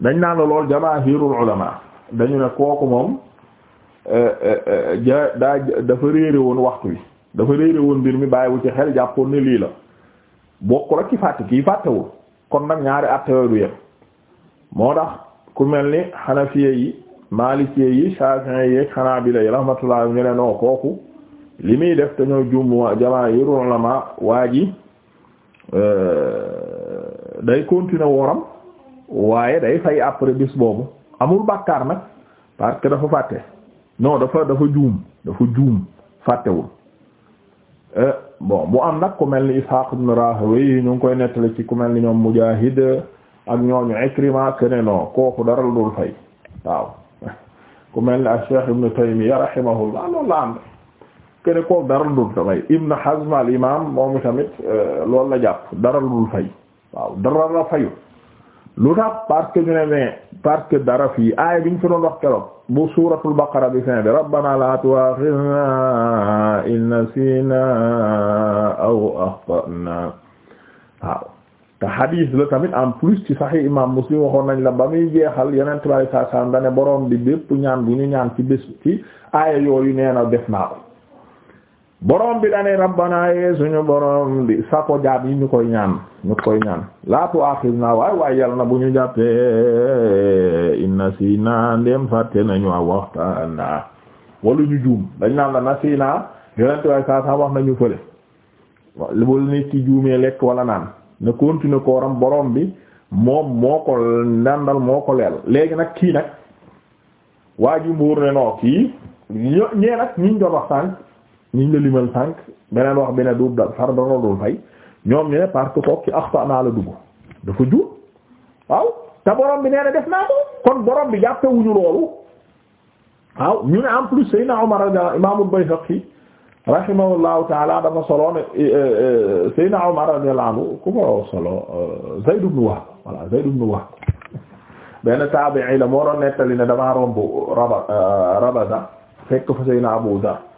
dañ naan la lool jamaahirul ulama dañu ne kooku moom eh, eh, eh, ja daa dafa réere woon waxtu wi dafa réere woon mbir mi bàyyiwu ci xel jàppoon ne lii la bokku la ci fàtte kii fàttewul kon nag ñaari attewee du yem moo tax ku mel ni xanafiye yi maalikee yi shafi'i yi bile yi rahmatullah ñu ne noo kooku li muy def te ñoo jumwa jamaahirul ulama waa ji day continuer woram waaye day fay après bis boobu amul bàkkaar nag parce que dafa fàtte non dafa dafa juum dafa juum fàttewul euh, bon mu am nag ku mel ni Ishaq ibn Rahawayh ñu ngi koy nettali ci ku mel ni ñoom Mujaahid ak ñooñu Ikrima kene non kooku dara lu dul fay waaw ku mel ni ak cheikh Ibn Taymiyya rahimahullah loolu la am kene kooku dara lu dul fay Ibn Hazm al-Imam moom tamit euh, loolu la jàpp dara lu dul fay waaw dara la fayu lu tax park que ne mais parce que dara fii aaya bi ñu fi doon wax keroog bu suuratul baqara bi fin bi rabbana la tu'akhidhna in nasina aw akhtana waaw te hadith la tamit en plus ci sahih imam muslim waxoon nañ la ba muy jeexal yeneen tubaab yi saa saa dane borom bi bépp ñaan bi ñu ñaan ci bés ci aaya yooyu nee na def naa ko. boroom bi dane rabbana yee suñu borom sa ko jaam yi ñu koy ñaan ñu koy ñaan laa tu aaxir naa waay waay yàlla na bu ñu jàppee inna si naa ndem fàtte nañu a naa wala ñu juum dañ naan la na si naa yonent waaye saa saa wax nañu fële wala nit ki juumee lekk wala naan na continuer kooram borom bi moom moo ko ndàndal moo ko leel léegi nag kii nag waa ji ne noo kii ñee nag ñiñ doon waxtaan ñu la limal sànq beneen wax bi ne du da far dara dul fay ñoom ñu ne parce que kooku ci la dugg dafa jur waaw te borom bi nee na def naa ko bi jàppewuñu loolu waaw ñu ne en plus Seydina Omar radiyallahu Imaam al taala dafa solo ne eh, eh, eh, Seydina Omar radiyallahu anhu ku ko solo Zayd ibn ne damaa romb Rabada fekk fa Seydina Abu Dharr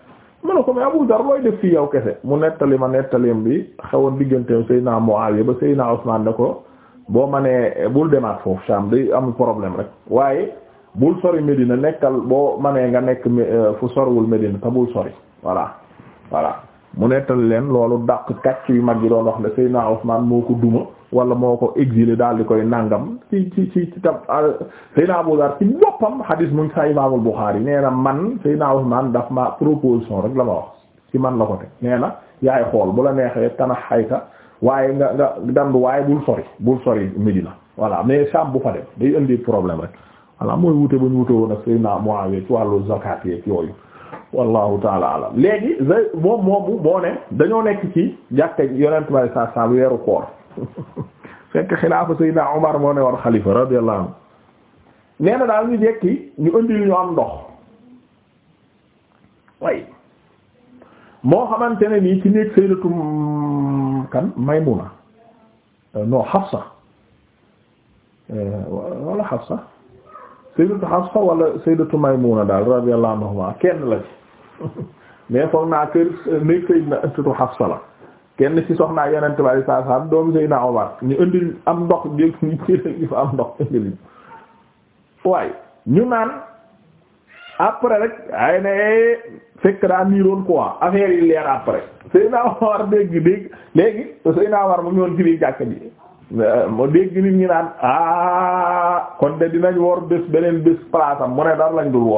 mu ne ko mais Abu Dar mooy def fii yow kese mu nettali ma nettalim bi xewoon digganteem Seydina Muawiya ba Seydina Usman da ko boo ma nee bul demaat foofu Sham day amul problème rek waaye bul sori Medina nekkal boo ma nee nga nekk euh, fu sorwul Medina te bul sori voilà voilà mu nettal leen loolu dàq kàcc yu mag yi doon wax ne Seydina Ousmane moo ko duma wala moo ko exilé daal di koy nangam ci ci ci ci tam Seydina Abu Dar ci boppam xadis mu ngi sa nee na man Seydina Ousmane daf ma proposition rek la ma wax ci man la ko teg nee na yaay xool bu la neexee tanax xayta waaye nga nga dandu waaye bul sori bul sori Medina voilà mais Saam bu fa dem day indi problème rek voilà mooy wute ba ñu wute woon ak Seydina Muawiya ci wàllu zakat yeeg yooyu. wallahu taala alam léegi moom moomu moo ne dañoo nekk ci jàkka yonent bi saa saa weeru koor fekk xilaafa Seydina Omar moo ne war xalifa radiyallahu anhu nee na daal ñu jekki ñu indil ñu am ndox way moo xamante ne nii ci néeg Sayyidatu kan Maymuna euh, non Hafsa euh, wala Hafsa Sayyidatu Hafsa wala Sayyidatu Maymuna daal radiyallahu anhuma kenn la ci mais foog naa kër néeg Seydina ëttu Hafsa la kenn ci soxnaa Yonent bi sallallahu alayhi wasallam doom Seydina Omar ñu indil am ndox jéeg ñu ci fa am ndox indil ñu naan après rek ay leer après Seydina Omar dégg dégg léegi Seydina Omar mu ngi woon ci biir jàkk ji euh, mu dégg nit ñi naan ah kon de dinañ wor bés beneen bés place mu ne dara lañ dul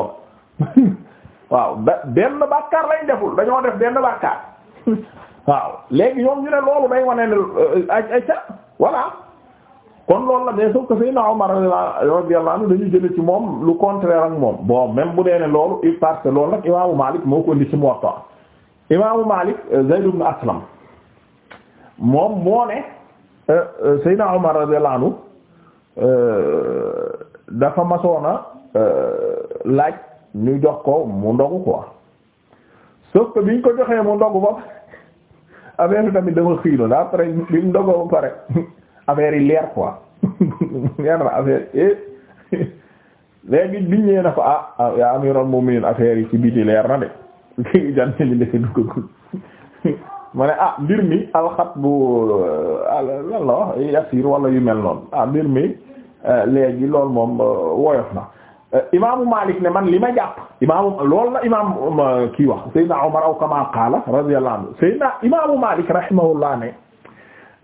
waaw da benn bàkkaar lañ deful dañoo def benn bàkkaar waaw léegi ñoom ñu ne loolu day wane ne euh, ay ay ca voilà kon loolu la mais sauf que Seydina Omar radiyallahu anhu dañu jële ci moom lu contraire ak moom bon même bu dee ne loolu il parce que loolu nag imaamu Malik moo ko indi ci Muwatta imaamu Malik euh, Zayd ibn Aslam moom moo ne euh, Seydina Omar radiyallahu anhu dafa masoona laaj ñu jox ko mu ndogu quoi sauf que biñ ko joxee mu ndogu ba affaire yi tamit dama xiiloon après bi mu ndogoo ba pare affaire yi leer quoi leer na affaire eh léegi biñ ñëwee na ko ah, ah yaa amiral mu'minin affaire yi ci biti leer na de léegi jant li ne ah mbir mi alxat bu euh, lan la wax wala yu mel noonu ah mbir mi euh, léegi loolu moom euh, woyof na. Euh, imaamu Malik ne man li ma jàpp imaamu loolu la imaam um, euh, kii wax Seydina Omar aw kama qaala radiyallahu anhu Seydina imaamu rahimahullah ne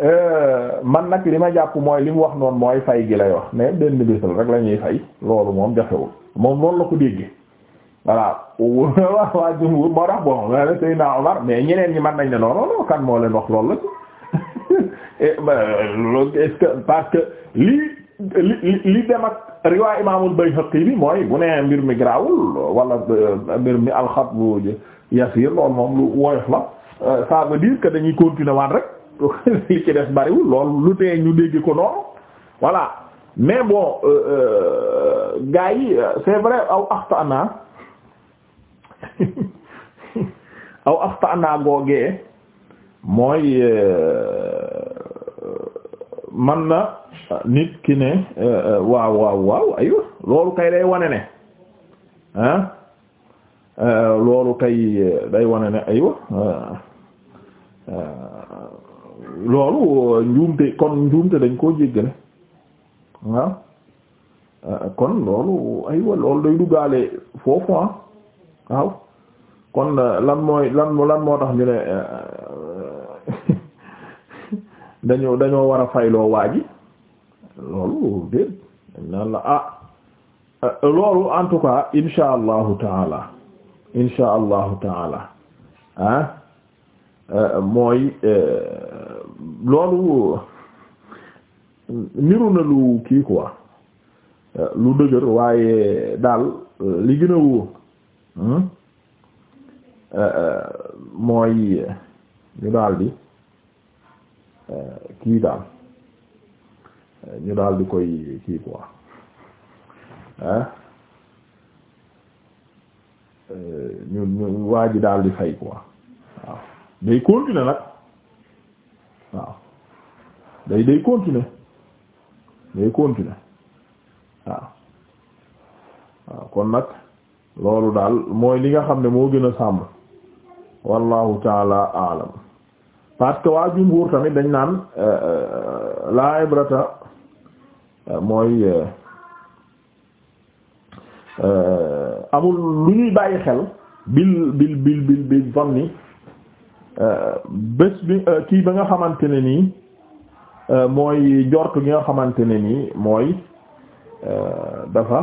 euh, man nag li ma jàpp mooy li mu wax noonu mooy fay gi lay wax ne benn bés la rek la ñuy fay loolu moom jafewul moom loolu la ko déggee voilà waaw waa jumhur moo tax bon nañ moo leen wax loolu la est-ce que parce que li li li dem ak riwaay imaamul Bayhaqi bi mooy bu nee mbir mi grawul wala euh, mbir mi alxat bu yasiir loolu moom lu woyof la euh, ça veut dire dañuy continuer rek li ci des bariwul loolu lu tee ñu dégg ko noonu voilà mais bon euh, gars yi c'est vrai aw axta ana aw axta ana googee mooy man na uh, nit ki ne uh, uh, waaw waaw waaw aywa loolu kay day wane ne ah, loolu kay day wane ne aywa loolu njuumte kon njuumte dañ koo jéggale waaw kon loolu aywa loolu day duggaale foofu ah waaw kon lan mooy lan moo tax ñu ne dañoo dañoo war a fayloo waa loolu déet naan la ah euh, loolu en tout cas insha allahu taala insha allahu taala ah mooy euh, loolu niru na lu kii quoi lu dëgër waaye daal li gën a wóor hmm, mooy ñu daal di kii daal ñu daal di koy kii quoi ah ñu ñu waa ji daal di fay quoi waaw day continuer nag waaw day day continuer day continuer waaw waaw kon nag loolu daal mooy li xam ne moo gën a sàmm wallahu taala alam parce que waa jumhur tamit dañ naan euh, euh, la ibrata euh, mooy amul lu ñuy bàyyi xel bil bil bil bil bil vanni bés bi kii ba nga xamante ne nii mooy njort gi nga xamante ne nii mooy dafa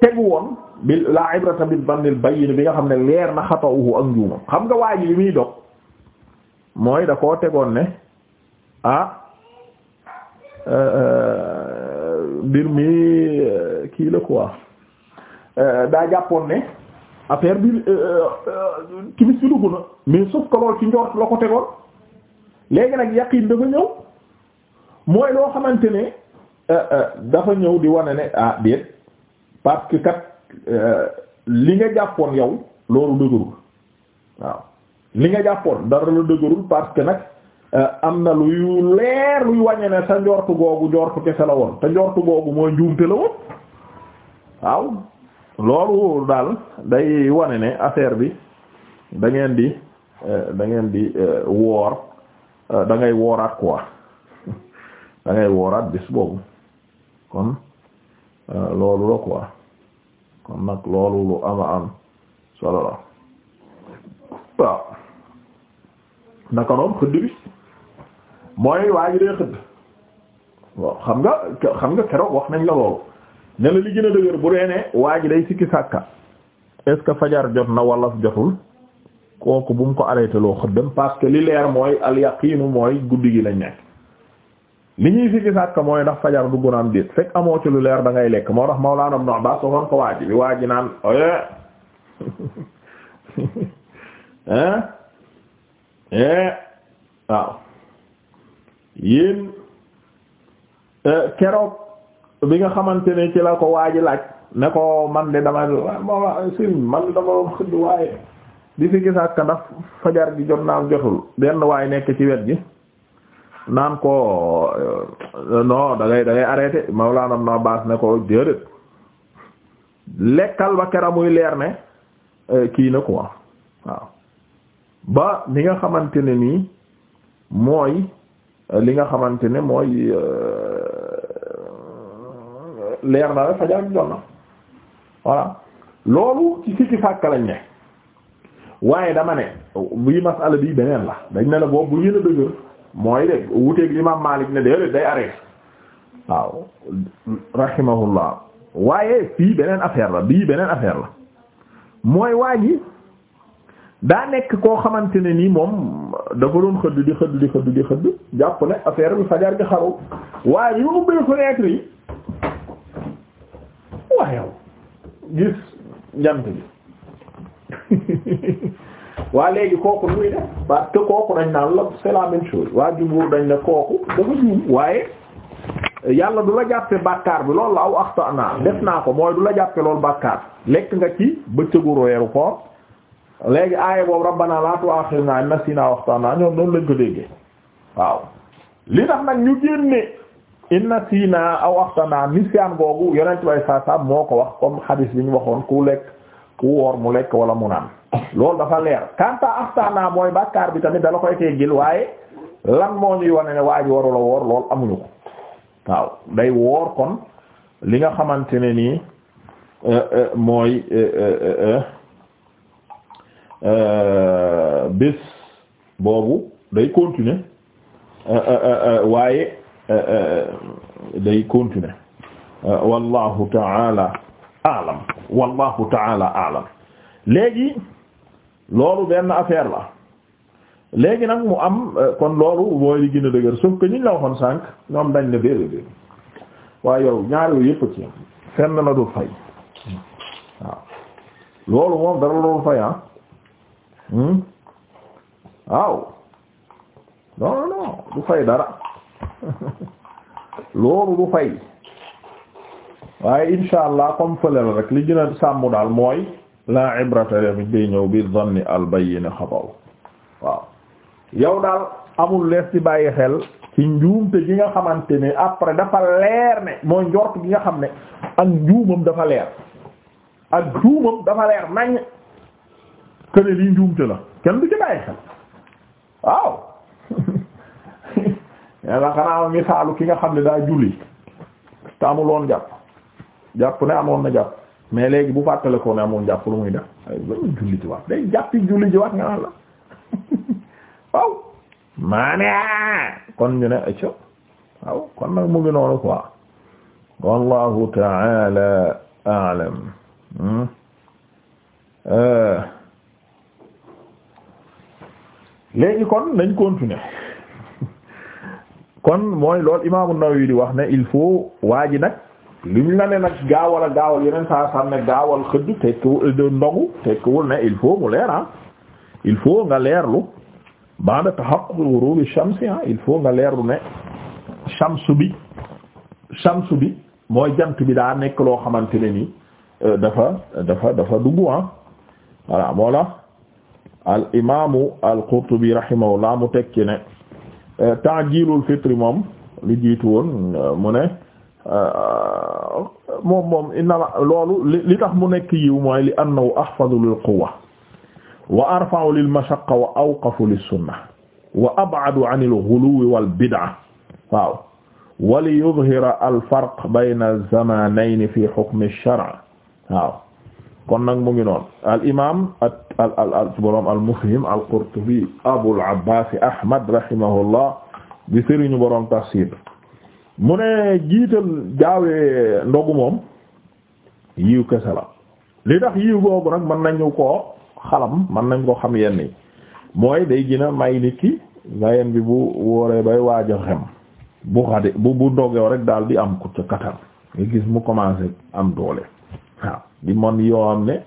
tegu woon bi la ibrata bi dannil bayyin bi nga xam ne leer na xatawuhu ak njuumam xam nga waa ji muy dog mooy da koo tegoon ne ah euh, mbir mi euh, kii la quoi euh, daa jàppoon ne affaire bi timis bi dugg na mais sauf que lool ci njort la ko tegoon léegi nag yaqiin dafa ñëw mooy loo xamante ne dafa ñëw di wane ne ah déet parce que kat Euh, li nga jàppoon yow loolu dëgërul waaw li nga jàppoon dara la dëgërul parce que nag euh, am na luy leer luy wàññe ne sa njortu googu njortu kese la woon te njortu googu mooy njuumte la woon waaw loolu daal day wane ne affaire bi dangeen di euh, dangeen di woor dangay wooraat quoi da ngay wooraat bis boobu kon loolu la quoi kon nag loolu lu ama am solo la waaw naka noonu xëdd bi mooy waa ji xëdd xam nga xam nga keroog wax nañ la loolu ne la li gën a dëgër bu dee ne waa ji day sikki sàkka est-ce que fajar jot na walla jotul kooku bu mu ko arrêté loo xëddam li leer mooy al yaqiinu mooy guddi gi lañ nekk li ñuy fi gisaat mooy ndax fajar dugg na am déet fekk amoo ci lu leer da ngay lekk moo tax Mawlaana Ibn Abbaas waxoon ko waaj bi waaji naan een een eh? waaw yéen eh, keroog bi nga xamante ne ci la ko waaji laaj ne ko man de dama man dama xëdd waaye di fi gisaat ndax fajar gi jot na am jotul benn waay nekk ci wet gi naan ko euh, non da ngay da ngay arrêté Mawlana na baas ne ko déedéet lekkal ba kera muy leer ne euh, kii na ko waaw ba li nga xamante ne nii mooy euh, li nga xamante ne mooy leer na rek fajar bi jot na voilà loolu ci sikki sàkk lañ ne waaye dama ne bii masala bii beneen la dañ ne la boobu bu gën a dëgër mooy de wuteeg imam Malik ne déedéet day arrêté waaw rahimahullah waaye fii beneen affaire la bii beneen affaire la mooy waa ji daa nekk koo xamante ne nii moom dafa doon xëdd di xëdd di xëdd di xëdd jàpp ne affaire bi fajar gi xaru waaye yu ubbee fenêtre yi waaye yow gis jant bi waa léegi kooku lu muy def parce que kooku dañ naan la c'est la waa jumhur dañ ne kooku dafa juum waaye yàlla du la jàppe bàkkaar bi loolu aw axta naa def naa ko mooy du la jàppe loolu bàkkaar lekk nga ci bëccëgu weeru koor léegi aaya boobu rabbana laa tu'aaxirnaa in nasiinaa aw axta'naa ñoom noonu lañ ko déggee waaw li tax nag ñu génne in nasiinaa aw axta'naa nisyaan googu yonent bay saa saa moo ko wax comme xadiis bi ñu waxoon ku lekk ku woor mu lekk wala mu naan loolu dafa leer kanta aftana mooy bàkkaar bi tamit dala koy teggil waaye lan moo ñuy wane ne waa ji warula woor lool amuñu ko waaw day woor kon li nga xamante ne nii eh, eh, mooy eh, bés boobu day continuer waaye day continuer wallahu taala alam wallahu taala alam léegi loolu benn affaire la léegi nag mu am euh, kon loolu mooy li gën a dëgër sauf que ñu la waxoon sànq ñoom dañ ne déedéet déedéet waaye yow ñaar yooyu yëpp ci fenn la dul fay loolu moom dara dul fay ah hmm? waaw non non du fay dara loolu du fay waaye insha allah comme fële la rek li gën a sàmm daal mooy. la ibrata tamit day ñëw bi zanni al bayyin xataw waaw yow daal amul lees ci bàyyi xel ci njuumte gi nga xamante ne après dafa leer ne mooy njort gi nga xam ne ak njuumam dafa leer ak njuumam dafa leer nañ que lii njuumte la kenn du ci bàyyi xel waaw yàlla xanaa misaalu ki nga xam ne daa julli te amuloon jàpp jàpp ne amoon na jàpp mais léegi bu fàttale ko ne amul jàpp lu muy def ay loolu julli ci waat day jàppi julli ci waat nga naan la waaw maanaa kon ñu ne acca waaw kon nag mu ngi noonu wallahu ta'ala a'lam hmm? eh. léegi kon nañ continuer kon mooy loolu imaamu Nawawi di wax ne il faut waa ji nag liñ la ne nag gaawal a gaawal yeneen saa saa gaawal xëdd tekkiwul ndogu ne il faut mu leer ah il faut nga leerlu ba'da tahaqquq ghurubi shamsi ah il faut nga leerlu ne shamsu bi mooy jant bi daa nekk loo xamante ne ni euh, dafa dafa dafa dugg ah voilà moo la al imaamu al qurtubi rahimahullah mu tekki ne euh, ta'jilul fitri moom li jiitu euh, mu ne. Euh, moom moom inna loolu li tax mu nekk yiw mooy li annahu ahfadu lil quwwa wa arfa'u lil mashaqqa wa awqafu lis sunna wa ab'adu 'anil ghuluwi wal bid'a waaw wa li yudhhira al farq bayna az-zamanayni fi hukm ash-shar' waaw kon nag mu ngi noonu al imaam at al al al borom al mufhim al qurtubi abul abbaas ahmad rahimahullah di sëriñu borom tafsir mu ne jiital gaawee ndogu moom yiw kese la li tax yiw googu nag mën nañu koo xalam man nañ ko xam yenn yi mooy day gina a may nit ki bi bu wooree bay waaj a xem bu xade bu ndogew rek daal di am ku ca katar nga gis mu commencé am doole waaw di man yoo am ne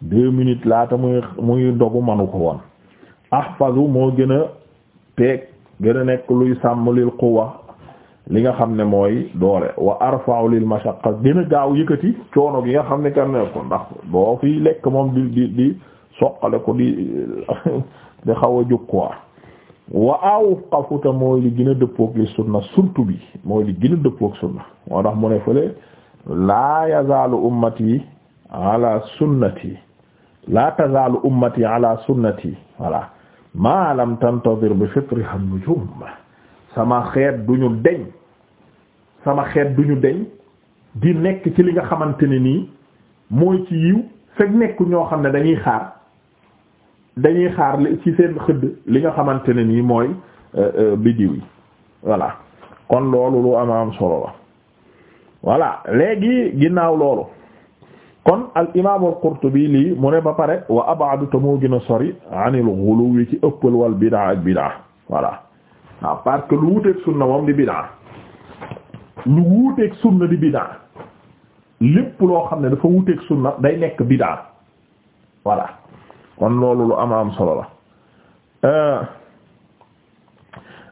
deux minutes laata muy muy ndogu manu ko woon ahfazu moo gën a peeg nekk luy sàmm lil quwa li nga xam ne mooy doole wa arfa'u lil mashaqqa gën a gaaw yëkkati coono gi nga xam ne kan ne ko ndax boo fi lekk moom di di di soqale ko di di xaw a jóg quoi wa awqafu te mooy li gën a dëppoog li sunna surtout bi mooy li gën a dëppoog sunna moo tax mu ne fële laa yazaalu ummati ala sunnati laa tazaalu ummati ala sunnati voilà ma lam tantadir bi fitriha nujum sama xeet duñu deñ sama xeet duñu deñ di nekk ci li nga xamante ne nii mooy ci yiw fekk nekk ñoo xam ne dañuy xaar dañuy xaar ci seen xëdd li nga xamante ne nii mooy euh, euh, biddiw yi voilà kon loolu lu am am solo la voilà léegi ginnaaw loolu kon al imaam al Qurtubi lii mu ne ba pare wa abadu te moo gën a sori anil ghuluwi ci ëppal wal bidaa ak bidaa voilà waaw ah, parce que lu wuteeg sunna moom di bidaa lu wuteeg sunna di bidaa lépp loo xam ne dafa wuteeg sunna day nekk bidaa voilà kon loolu lu am am solo la euh,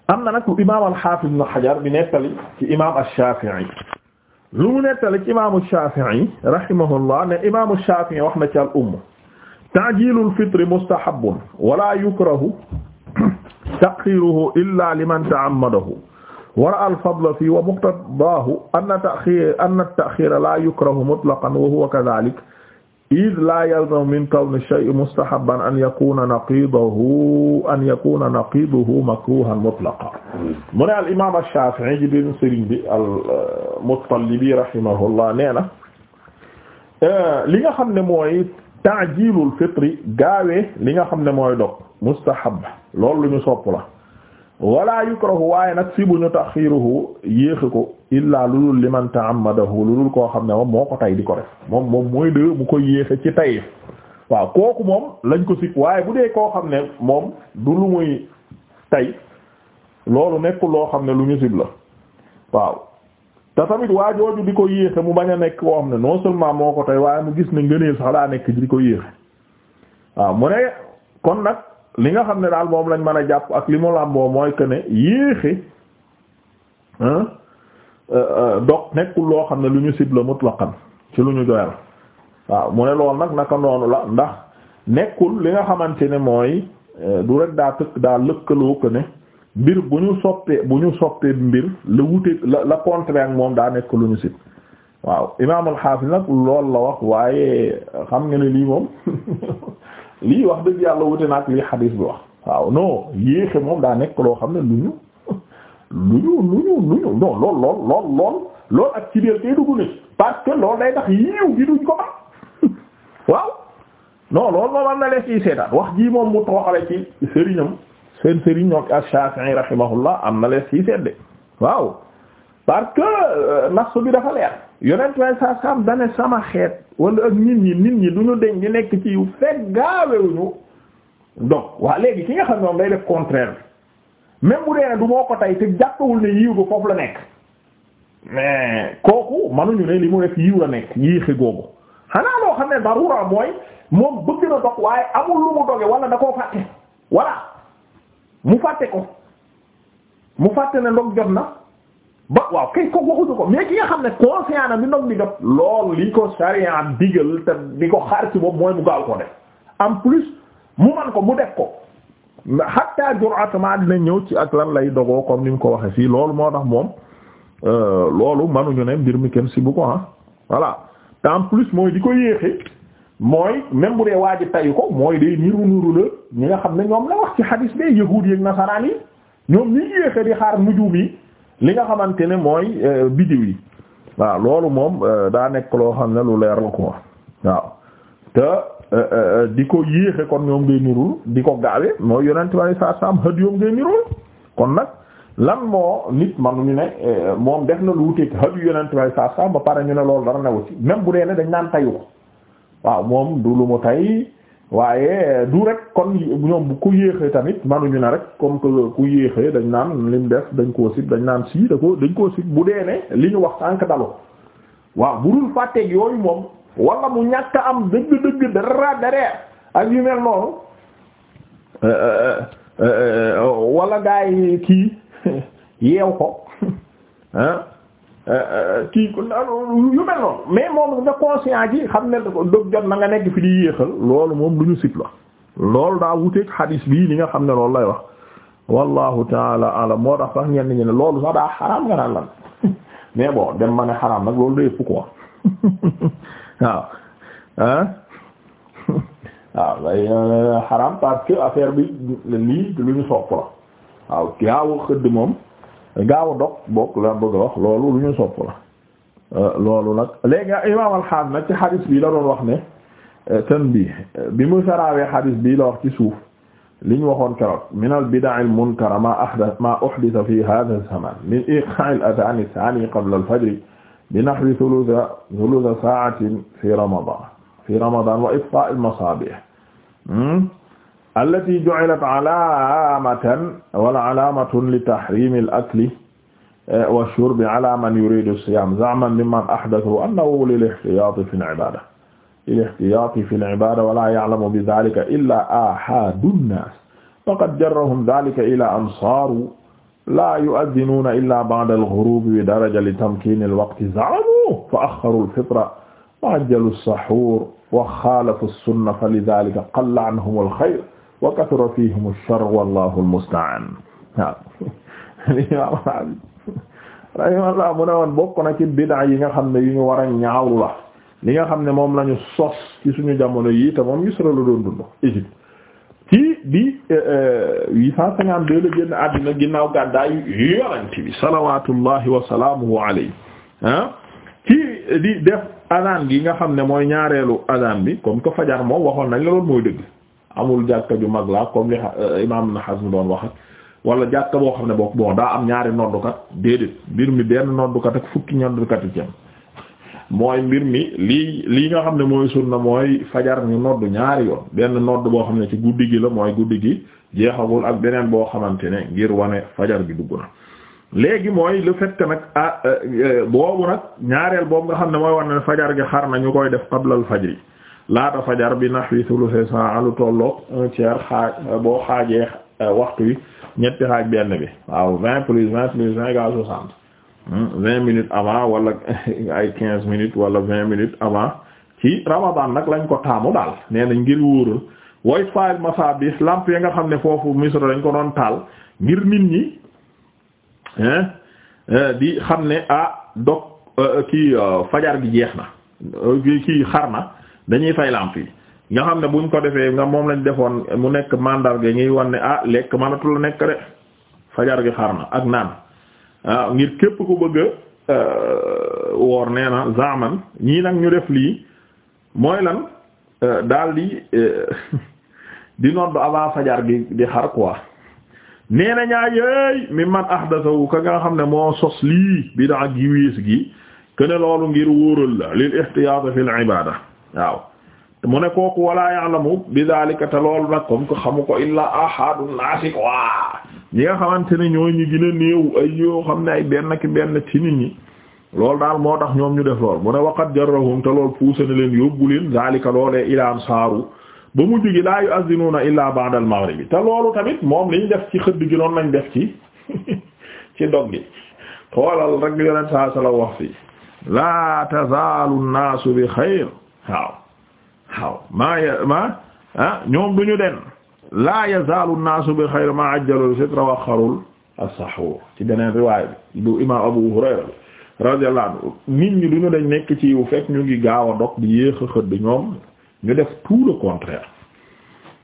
am na nag imaam al-Hafiz Ibn Hajar bi nettali ci imaam al-Shafi'i lu mu nettali ci imaam al-Shafi'i imaam al-Shafi'i wax na ci al fitri mustahabun wala yukrahu taxiruhu illa liman ta'ammadahu wara alfadla fii wa muqtadaahu anna taxir anna taxira laa yukrahu mutlaqan wa huwa kadalik id laa yalzamu min kawni shay'in mustahabban an yakuna naqidahu an yakuna naqiduhu makruhan mutlaqan mu ne al imam ash-Shafi'i ji bin sëriñ bi al-Muttalibi rahimahullah nee na li nga xam ne mooy ta'jilul fitri gaawee li nga xam ne mooy dog mustahab loolu lu ñu sopp la wala yukrahu waaye nag fi bu ñu taxiruhu yéexi ko illaa lu dul liman ta'ammadahu lu dul koo xam ne moom moo ko tay di ko rek moom moom mooy de mu ko yéexe ci tayif waaw kooku moom lañ ko sib waaye bu dee koo xam ne moom du lu muy tay loolu nekkul loo xam ne lu ñu sib la waaw te tamit waa jooju di ko yéexe mu bañ a nekk koo xam ne non seulement moo ko tey waaye mu gis ne ngëneel sax daa nekk di ko yéexe waaw mu ne kon nag li nga xam ne daal moom lañ mën a jàpp ak li mu làmboo mooy que ne yéexe euh, euh, dog nekkul loo xam ne lu ñu sibla mutlaqan ci lu ñu doyal waaw mu ne lool nag naka noonu la ndax nekkul li nga xamante ne mooy euh, du rek daa tëkk daa lëkkaloo que ne mbir bu ñu soppee bu ñu soppee mbir la wute la la contraire ak moom daa nekk lu ñu sit waaw imaam al-Hafiz nag loolu la wax waaye xam nga ne lii moom lii wax dëgg yàlla wute na ak lii xadiis bi wax waaw non moom daa nekk loo xam ne lu ñu lool parce que loolu day moom am na leen ciy seetaan wax jii moom mu tooxale ci sëriñam seen sëriñ ñoom Shafi'i rahimahullah am na lees yi sedde waaw parce que euh, nax bi dafa leer yonent way sa sam dane sama xeet wala ak nit ñi nit ñi du ñu deñ di nekk ci yu fekk gaawewuñu donc waa léegi ki nga xam ne moom day def contraire bi même bu dee ne du moo ko tey te jàppawul ne yiw gu foofu la nekk mais kooku manuñu ne li mu def yiw la nekk yéexi googu xanaa loo xam ne darura mooy moom bëgg na dog waaye amul lu mu doge wala da koo fàtte mu fàtte ko mu fàtte ne ndog jot na ba waaw kay ko waxutu ko mais ki nga xam ne conscient na bi ndog bi jot lool li ko sariya digal te di ko xaar ci boobu mooy mu gaaw ko def en plus mu man ko mu def ko hatta jur'atuma dina ñëw ci ak lan lay dogoo ko ni mu ko waxee fii loolu moo tax moom euh, loolu manuñu ne mbir mi kenn si bu ko ah voilà te en plus mooy di ko yéexe mooy même waa ji tayu ko mooy day niru niru la ñi nga xam ne ñoom la wax ci xadis bee yahuud yi ak nasaraan yi ñoom ñuy yéexe di xaar nujum yi li nga xamante ne mooy euh, biddiw yi waaw loolu moom euh, daa nekk loo xam ne lu leer la ko waaw te euh, di ko yéexe kon ñoom ngay nirul di ko gaawe mooy yonent bari saa saam hëdd yoom ngay nirul kon nag lan moo nit manuñu ne moom def na lu wuteek hëdd yonent bari saa saam ba pare ñu ne loolu dara newu ci même bu dee ne dañ naan tayu waaw moom du lu mu tey waaye du rek kon ñoom bu ku yéexee tamit manuñu na rek comme que ku yéexee dañ naan lim def dañ koo sib dañ naan sii da ko dañ koo sib bu dee ne li ñu wax sànq daloo waaw bu dul fàtteeg yooyu moom wala mu ñàkk am dëgg-dëgg dara dara ak yu mel noonu euh, euh, euh, wala gaa kii yeew ko Euh, euh, kii yu mel noonu mais moom nga conscient ji xam ne dog jot na nekk fi di yéexal loolu moom lu ñu sib la loolu daa wuteeg xadiis bii li nga xam ne loolu lay wax wallahu taala alam mais bon dem ma ne xaraam nag waaw ah waaw euh, parce que affaire bi lii lu ñu sopp waaw gaaw xëdd moom gaaw a dog bokk la bëgg a wax loolu lu ñu sopp la euh, loolu nag léegi imaam alxaam nag ci xadis bi la doon wax ne euh, ten bi bi mu saraawee xadis bi la wax ci suuf liñ waxoon keroog min al bida' al munkara ma ahdath ma uhditha fi hadha zaman min iqa'i al adhan al thani qabla al fajr bi nahwi thuluth thuluth sa'atin fi ramadan fi ramadan wa itfa' al masabih hmm? allati ju'ilat alamatan wala alamatun li tahrimi al akli eh, wa shurbi ala man yuridu siyam za'man mimman ahdathahu annahu lil ihtiyati fi al ibada lil ihtiyati fi al ibada wala ya'lamu bi dhalika illa ahadun nas faqad jarrahum dhalika ila ansaru la yu'adhdhinuna illa ba'da al ghurub bi daraja li tamkin al waqt za'amu fa akhkharu al fitra wa ajjalu as sahur wa khalafu as sunnah falidhalika qalla anhum al khayr wa kathura fihim ash-sharr wallahu al-musta'an woon bokk na ci yi nga xam ne yu ñu war a la li nga xam ne moom la sos ci suñu jamono yi te moom Misra la doon dund Égypte ci bi euh, euh, huit cent cinquante-deux la génn àddina ginnaaw gàddaayu yonent bi salawatullahi wa salaamuhu alayhi ah ci di def adaan gi nga xam ne mooy ñaareelu adaan bi kom que fajar moom waxoon nañ la loolu mooy dëgg amul jàkka ju mag la comme li na euh, Ibn Hazm doon wax wala jàkka boo xam ne bokk boo daa am ñaari noddukat déedéet mbir mi benn noddukat ak fukki noddukat yi cem mooy mbir mi lii lii nga xam ne mooy na mooy fajar ñu nodd ñaari yoon benn nodd boo xam ne ci guddi gi la mooy guddi gi jeexagul ak beneen boo xamante ne ngir wane fajar gi dugg na léegi mooy le fait nag ah euh, euh, boobu nag ñaareel boobu nga xam ne mooy wane ne fajar gi xar na ñu koy def qablal fajri laata fajar bi nahwi thuluthi sa'a lu tolloog un tiers xaaj boo xaajee euh, waxtu wi ñetti xaaj benn bi waaw vingt plus vingt plus vingt égale soixante hmm, vingt minutes avant wala ay quinze minutes wala vingt minutes avant ci ramadan nag lañ ko taamu daal nee nañ ngir wóoral woy fail masabih lamp ya nga xam ne foofu misra lañ ko doon taal ngir nit ñi euh, di xam ne ah dog euh, kii fajar gi jeex na kii xar na dañuy fay lamp yi nga xam ne buñ ko defee nga moom lañ defoon mu nekk mandarga ngiy wan ne ah lekk mënatu la nekk de fajar gi xar na ak naan waaw ngir képp ku bëgg a euh, woor nee na zaman ñii nag ñu lii mooy lan euh, daal di euh, di mi man ahdathahu ka nga xam ne moo sos lii bi daa gi wiis gi kene loolu ngir wóoral la lil ihtiyaat fil ibaada waaw mu ne kooku wala ya'lamu bi daalika te loolu nag comme que xamu ko illaa ahadun naasik waa ñi nga xamante ne ñoo ñu gën a ay yoo xam ne ay benn ki benn ci nit ñi loolu daal moo tax ñoom ñu def lool mu ne waqat jarrahum te lool poussé na leen yóbbu leen zaalika loolee ilaan saaru ba mu jógi laa yu azinuuna illa ba'dal maghribi te loolu tamit moom liñ def ci xëdd gi noonu lañ def ci ci dog gi xoolal rek yonent saa sala wax fi laa tazaalu naasu bi xayr waaw waaw maa ma ah ñoom du ñu den laa yazaalu naasu bi xayri ma ajjalul fitra wa axarul ci beneen riwaay bi bu imaam Abu Hurayra radiyallahu anhu nit ñi du ñu dañ nekk ci yu fekk ñu ngi gaaw a dog di yéex a ñoom ñu def tout le contraire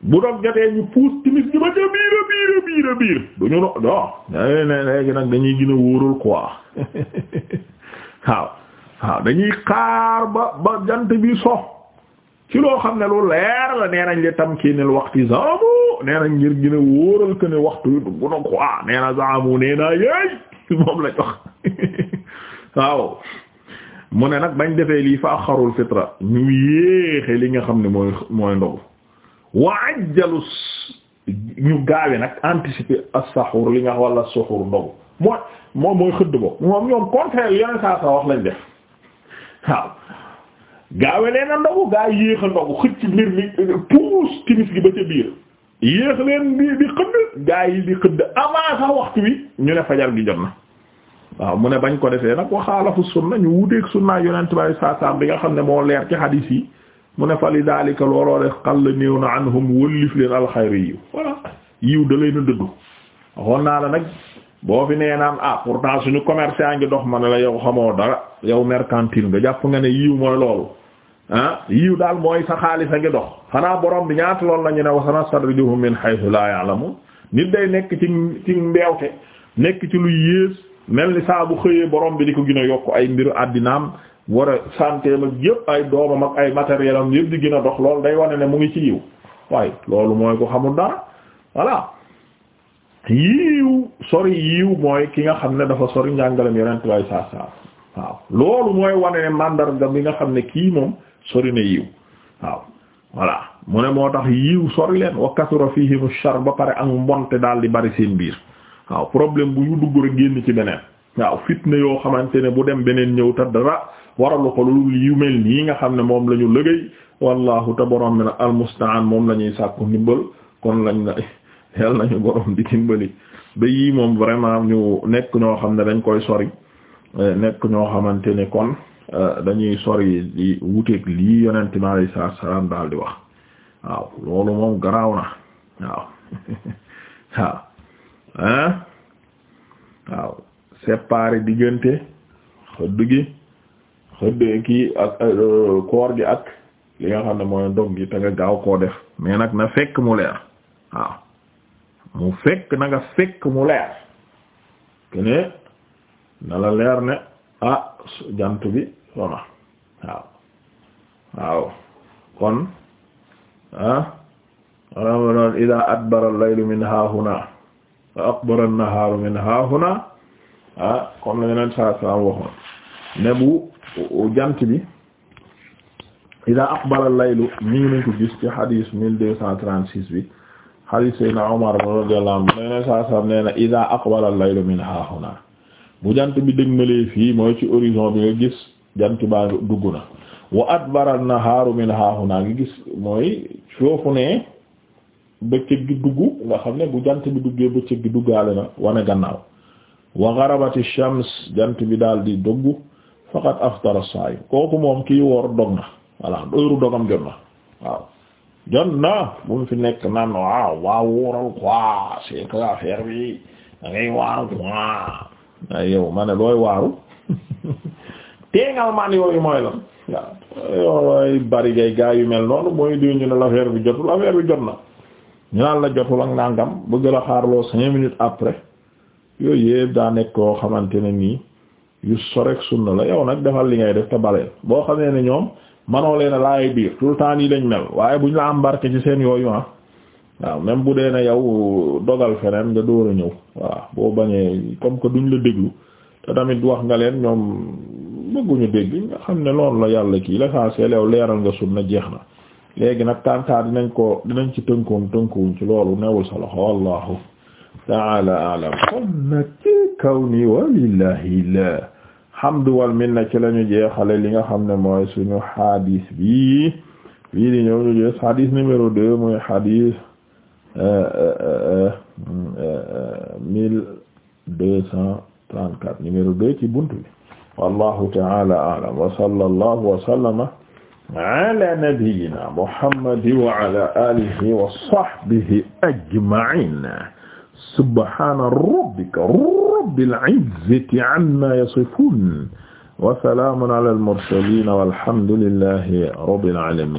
bu dog jotee ñu puus timis ñu ba a biir a biir a biir du ñu do do léegi nag dañuy gën a wóorul quoi waaw waaw dañuy xaar ba ba jant bi so ci loo xam ne loolu leer la nee nañ ne tamkiinil waxti zaamu nee nañ ngir gën ne waxtu yu dugg na quoi ah, nee na yeey moom la jox waaw mu ne nag bañ defee lii fa axarul fitra ñu yéexe li nga xam ne mooy mooy ndogu wa ñu gaawe nag anticiper as-sahur li nga wala suxur ndogu moo moom mooy xëdd boobu moom ñoom contraire yeneen saa sa wax lañ def waaw gaawe leen a ndogu gaa yéex a ndogu xëcc mbir mi puus timis gi ba ca biir yéex leen di di xëdd gaa yi di xëdd avant sax waxtu wi ñu ne fajar gi jot na waaw mu ne bañ ko defee nag waxaalafu sunna ñu wuteeg sunna yonent bi saa saa bi nga xam ne moo leer ci xadiis yi mu ne fa li daalika looloo def xal néew na anhum wëllif leen alxayri yiw voilà yiw da leen a dëddu waxoon naa la nag boo fi nee naan ah pourtant suñu commerçant ngi dox ma ne la yow yow mercantile nga jàpp nga ne yiw mooy loolu ah yiw daal mooy sa xaalis a ngi dox xanaa borom bi ñaata loolu la ñu ne wa sanastadrijuhum min haythu la ya'lamun nit day nekk ci ci mbeewte nekk ci lu yées mel ni saabu bu xëyee borom bi di ko gën a yokk ay mbir àddinaam war a santé mag yëpp ay doomam ak ay matériel am yëpp di gën a dox lool day wane ne mu ngi ci yiw waaye loolu mooy ko xamul dara voilà yiiw sori yiiw mooy ki nga xam ne dafa sori njàngalem yonent way saa waaw loolu mooy wane ne mandarga bi nga xam ne kii moom sori na yiw waaw voilà mu ne moo tax yiw sori leen wa kasura fihimu shar ba pare ak mbonte daal di bari seen biir waaw problème bu yu dugg rek génn ci beneen waaw fitna yoo xamante ne bu dem beneen ñëw te dara waralu ko lu yu mel nii nga xam ne moom la ñu lëgëy wallahu te borom bi nag moom la ñuy sàkku ndimbal kon lañ la yàlla nañu borom di dimbali ba yii moom vraiment ñu nekk ñoo xam ne dañ koy sori. Eh, nekk ñoo xamante ne kon eh, dañuy sori di wuteeg lii yonent mi alayhi salaam daal di wax waaw loolu moom garaaw na waaw waaw hein eh? waaw séparer diggante xëdd gi xëdd kii ak koor gi ak li nga xam ne mooy ndog gi te nga gaaw koo def mais nag na fekk mu leer waaw mu fekk na nga fekk mu leer kene na la leer ne ah jant bi sona waaw kon ah ramanoon ida adbara al-laylu min haahuna wa aqbara an-nahaaru min haahuna ah comme la yeneen saa saa waxoon ne bu jant bi ida aqbara al-laylu mi ngi a ko gis ci hadis mille deux cent trente-six bi hadis bu jant bi dégmalee fii mooy ci horizon bi nga gis jant baa dugg na wa adbara an-naharu min haahuna ngi gis mooy foofu ne bëccëg gi dugg nga xam ne bu jant bi duggee bëccëg gi duggaale na wane gannaaw wa gharabati shams jant bi daal di dugg faqad aftara as-sa'im kooku moom nekk naan waaw c'est que bi da ngay waaru waaye yow mane ne looy waaru teengal man yooyu mooy lan waaw yooyu bari gay gaa yu mel noonu mooy di ñu ne l'affaire bi jotul affaire bi jot na ñu naan la jotul ak nangam bëgg la xaarloo cinq minutes après yooyu yëpp daa nekk koo xamante ne nii yu sorek sunna la yow nag defal li ngay def te baleel boo xamee ne ñoom manoo leen a laay biir tout le temps nii lañ mel waaye bu ñu la embarqué ci seen yooyu ah waaw même bu dee na yow dogal feneen nga door a ñëw waaw boo bañee comme que duñ la déglu te tamit wax nga leen ñoom bëgguñu dégg nga xam ne loolu la yàlla kii l'essentiel yow leeral nga na jeex na léegi nag tàntaa dinañ ko dinañ ci tënkoom tënkoom ci loolu newul sa loxo wallahu taala alam kon nag ci kaw nii walillahi la hamdu wal minna ci lañu jeexale li nga xam ne mooy suñu xadiis bi bii di ñëw ñu jeex xadiis numéro deux mooy xadiis Euh, euh, euh, mille deux cent trente quatre numéro deux ci buntu bi wallahu ta'ala a'lam wa sallallahu wa sallama ala nabiyyina muhammadin wa ala alihi wa sahbihi ajma'in subhana rabbika rabbil izzati amma yasifun wa salamun ala al mursalin walhamdulillahi rabbil alamin